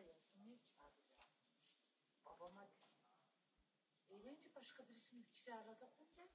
hikayesini çağırıyor. Babama diyor. Eğlence başka birisini kiralada koyacak.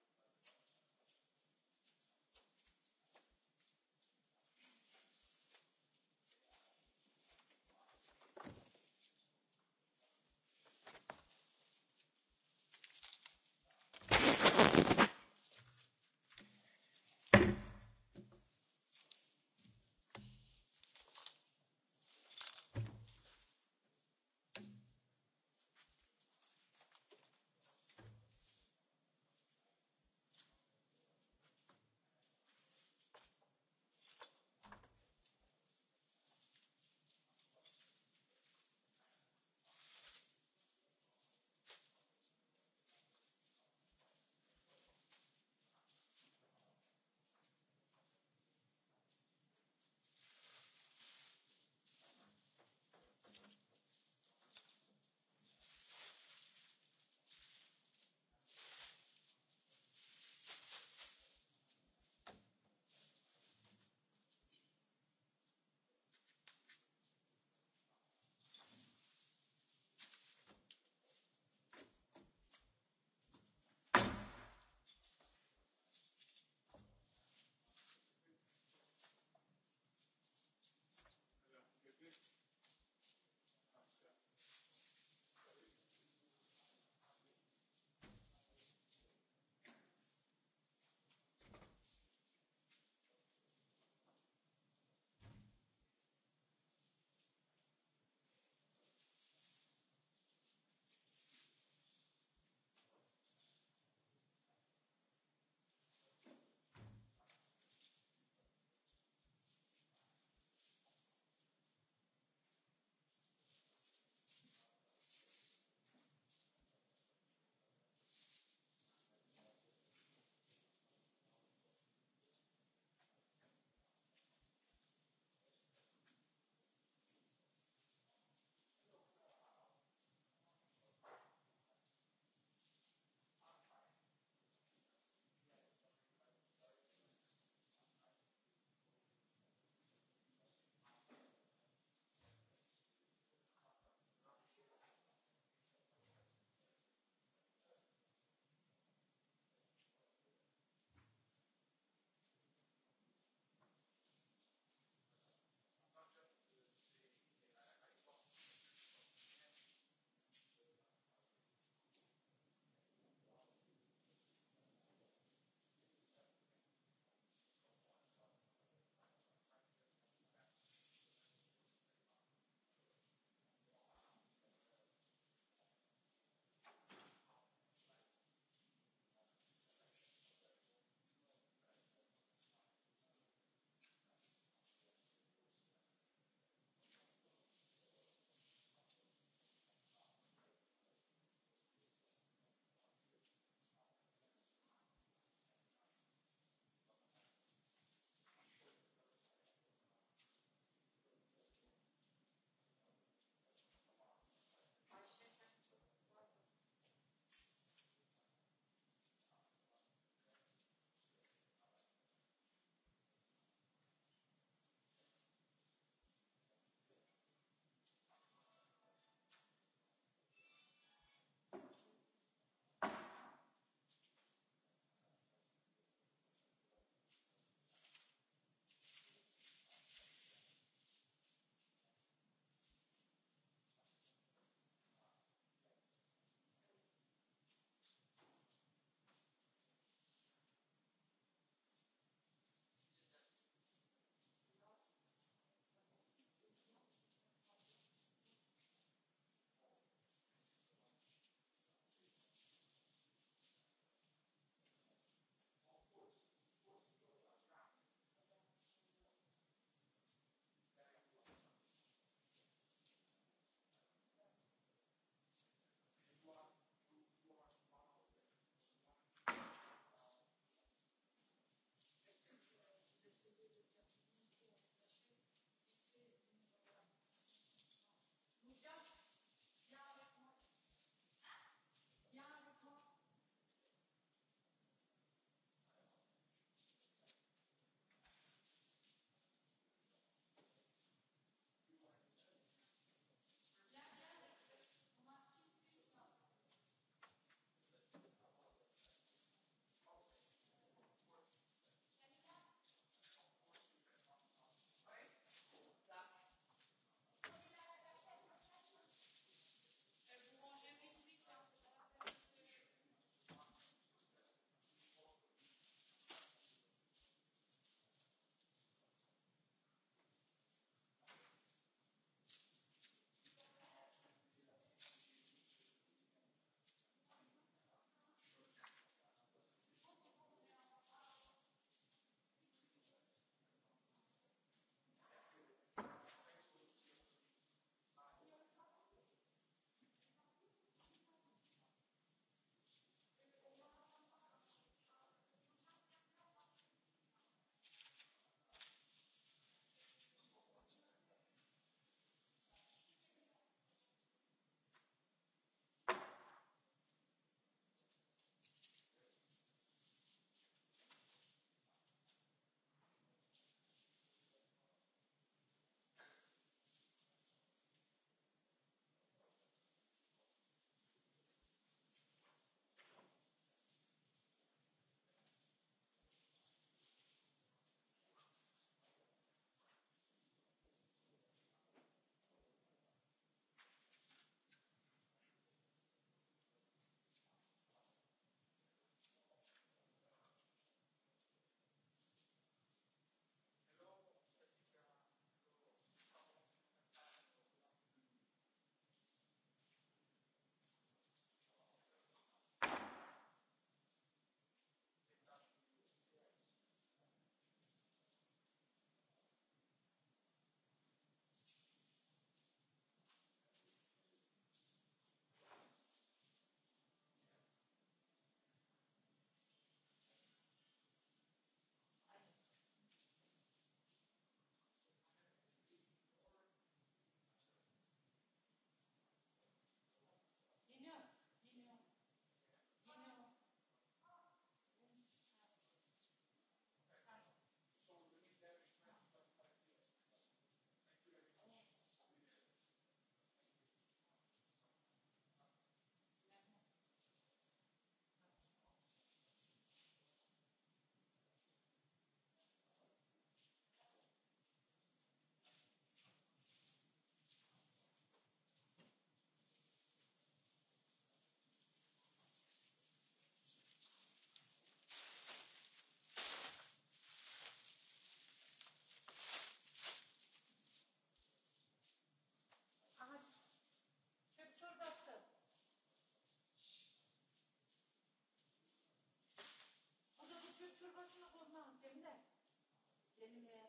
AUTHORWAVE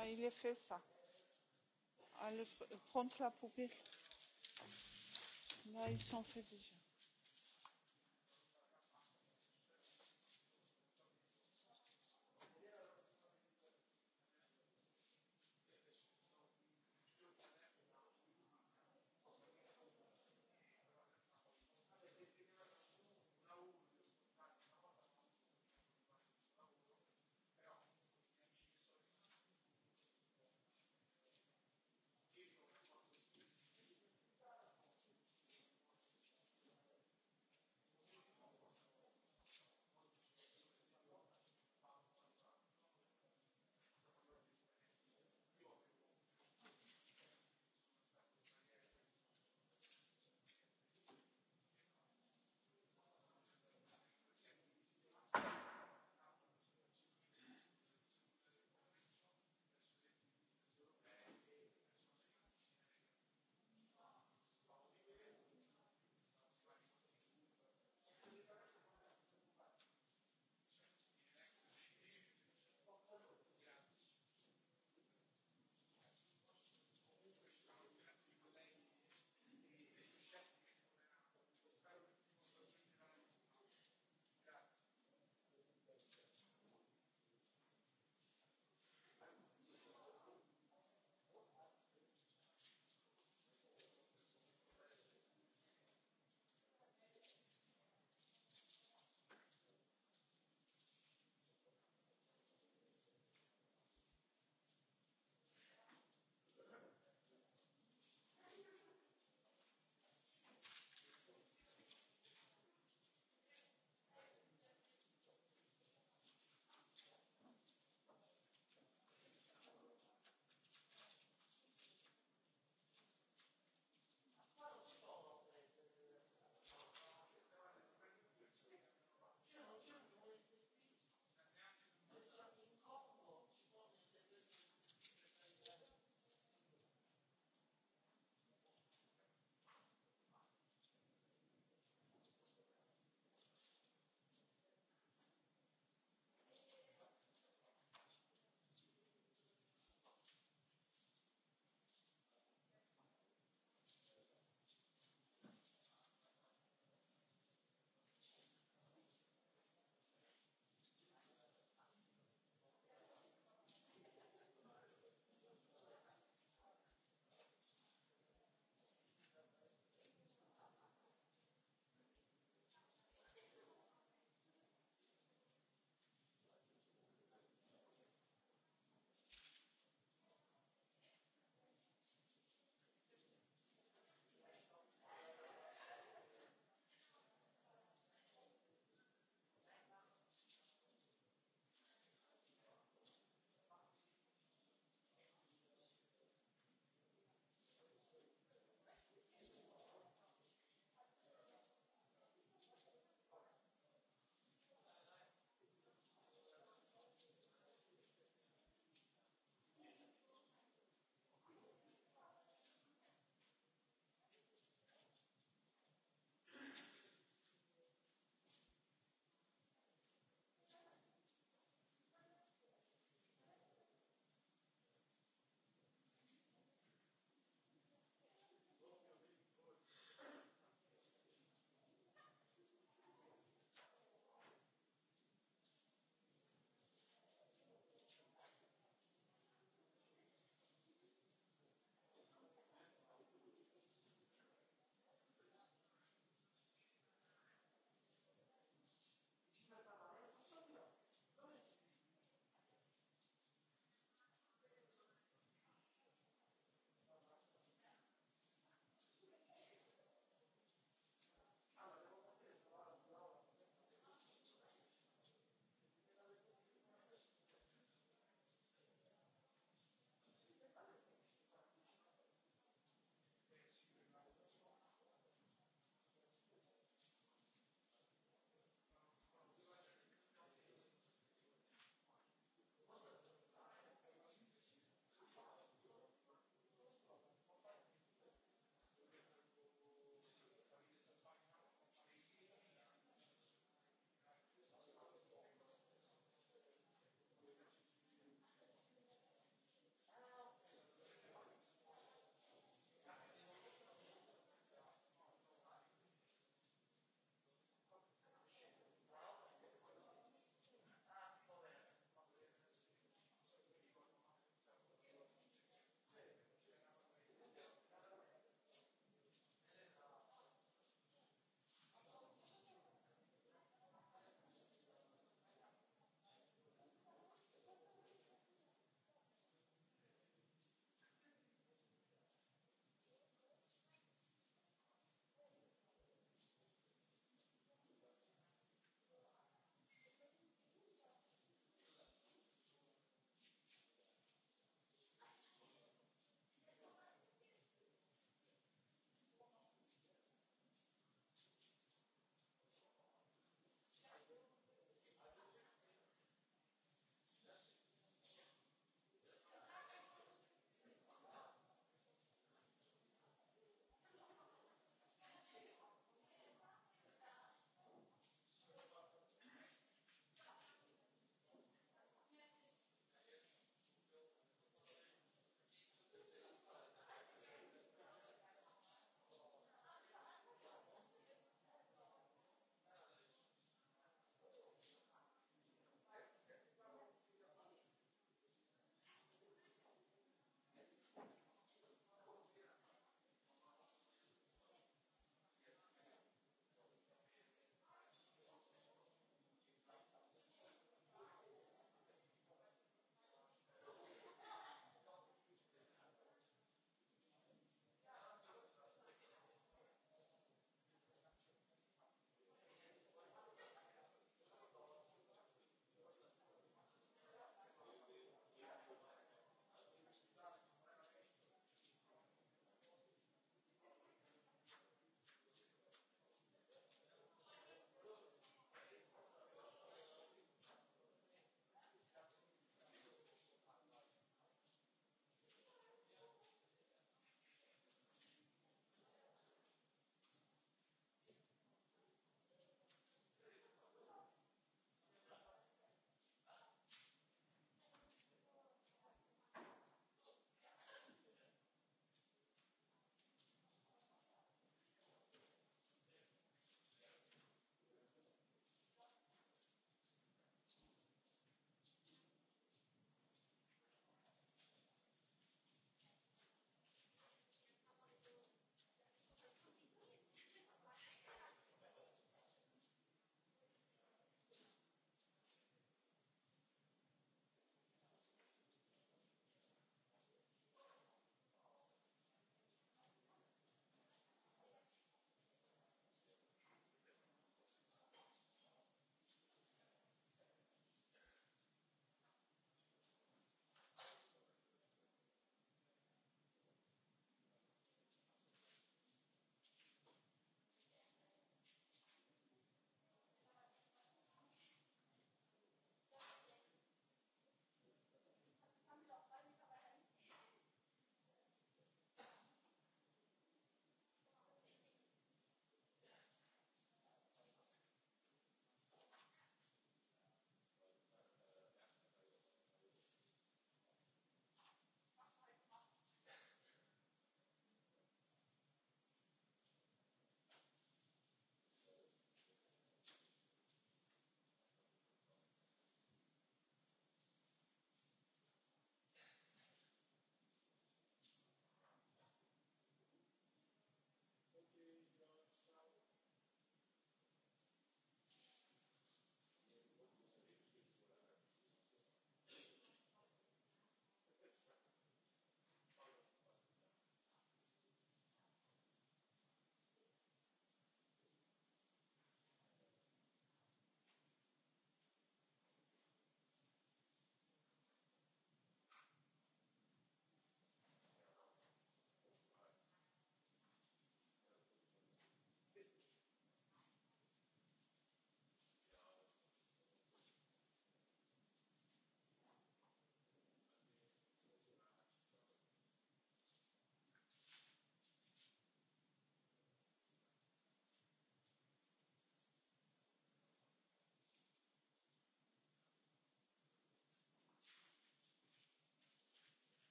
Ah, il est fait ça. Allez, prendre la poubelle. Là, ils sont fait déjà.